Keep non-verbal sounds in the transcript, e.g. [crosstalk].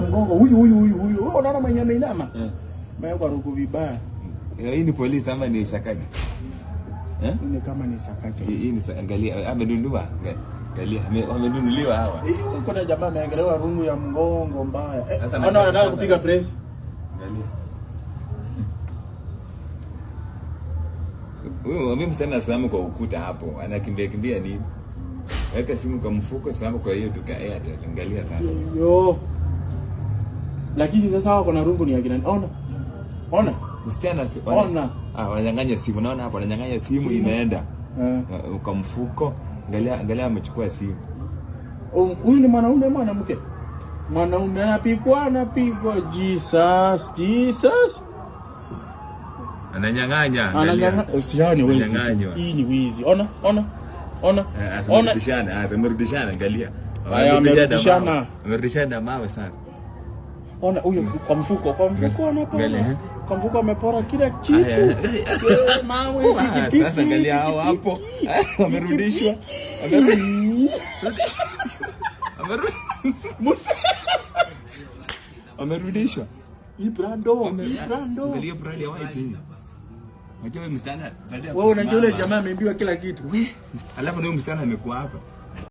ya mgongo huyu huyu huyu huyu. Wewe unaona mwenye ameinama? Eh. Mimi kwa ruku vibaya. Eh, hii ni polisi ama ni shakaji? Eh? Ni kama ni shakaji. Hii ni angalia amedundua. Angalia amedunduliwa hawa. Kuna jamaa ameangalia rungu ya mgongo mbaya. Eh, Ana anataka kupiga press. Angalia. Wewe mimi wamemsema salamu kwa ukuta hapo. Anakimbia kimbia nini? Weka simu kwa mfuko, simama kwa hiyo duka Airtel, angalia sana. Yo lakini sasa wako na rungu ni akina ona ona msichana si ona, ona. Ah, wananyang'anya simu naona hapo wananyang'anya simu, simu inaenda eh. uh, kwa mfuko angalia angalia amechukua simu um, huyu ni mwanaume mwanamke mwanaume anapigwa anapigwa Jesus Jesus ananyang'anya ananyang'anya eh, siani wewe hii ni wizi ona ona ona eh, ona amerudishana ah, amerudishana angalia ameridishana ameridishana mawe sana ona huyo kwa mfuko kwa mfuko anapora eh? kwa mfuko amepora kila kitu mawe [laughs] sasa angalia hao hapo wamerudishwa wamerudishwa [laughs] hii brando brando ipi wewe msana unajua ule jamaa ameambiwa kila kitu alafu ndio msana amekuwa hapa